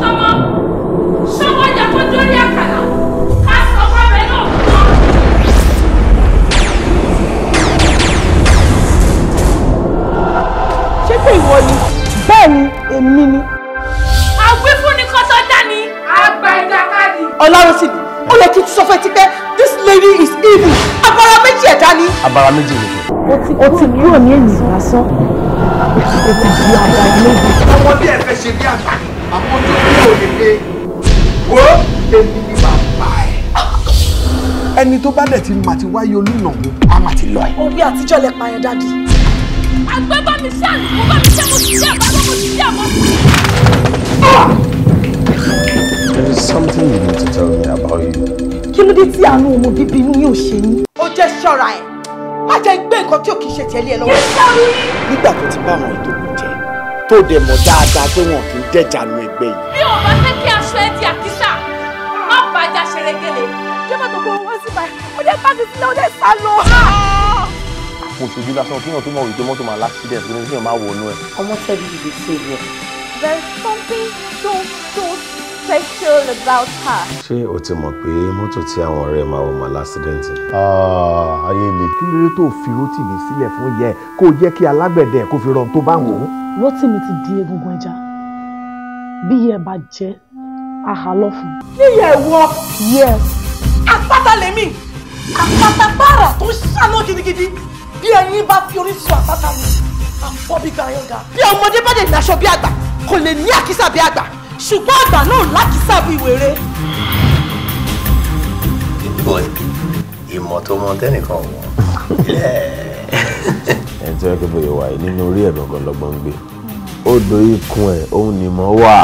tọmọtọmọ ṣọwọ́ ìjà tó dórí àkàlà ká sọ fún abẹ náà tán. ṣé pé ìwọ ni bẹ́ẹ̀ ni èmi ni. àwífúnni kan tó dá ni. àgbà ìjàkadì. ọlọ́run sì ni ó lè tún ẹ this lady is evil abara méjì ẹ̀dá ni. abara méjì ni. o ti fẹ́ ṣe bí àgbà àpótò ẹni tó bá dẹ̀ ti mà ti wáyé olùnàwó a mà ti lọ ẹ. orí àtijọ́ lẹ pa yẹn dáàdi. àgbẹ̀ bá mi ṣe àlùkò bá mi ṣe mo ti ṣe àbá mo ti ṣe àbá. There is something you need to tell me about you. Kí ló dé tí àánú ọmọ bíbí inú yóò ṣe yín? Ó jẹ́ ṣọ́ra ẹ̀. Má jẹ́ gbé nǹkan tí ò kì í ṣe tẹ̀lé ẹ lọ́wọ́. Nígbà tó ti bá àwọn ètò tó dẹ̀ mọ̀ dáadáa pé wọn kì í dẹ̀jànú ẹgbẹ́ yìí. mi ò fẹ́ kí aṣọ ẹ di àkísà má bàjá ṣẹlẹ̀gẹ̀lẹ̀ ṣé má tó kó owó sí báyìí ó dé báàgì sílẹ̀ ó sá lọ. kò ṣojú lásán kí èèyàn tó mọ̀ wípé mọ́tò máa láksidẹ̀ẹ́sì kí èèyàn máa wọnú ẹ̀. ọmọ tẹ́lifíṣẹ́ rẹ̀ there is something so so Special about her. ṣé o ti mọ̀ pé mọ́tò tí àwọn ọ̀rẹ́ máa wọ̀ máa lásìdẹ́ǹtì ni. Ah, ayé le kí ló dé tó fi Rótìmí sílẹ̀ fún yẹ kó jẹ́ kí alágbẹ̀dẹ kó fi rọrùn tó bá wò ó. Rótìmí ti di egungun ẹja bí yẹ bá jẹ àhà lọ fún. yíyẹ wọ. yes. àpáta lèmi àpáta bára tó ṣáná gidigidi bí ẹyin bá fi orí sun àpáta mi àfọ́bí gbayọ̀gà bí ọmọdé bá lè naṣọ bí àgbà kò lè ní àkísà bí àgbà ṣùgbọ́n àgbà náà lákìsà bíi wèrè. boy ìmọ̀ tó mọ tẹ́nìkan wọ̀ ẹni tí wọ́n ké bóyá wà yìí nínú orí ẹ̀rọ gan lọ́gbọ́n gbé ó dorí kun ẹ̀ òun ni mo wà.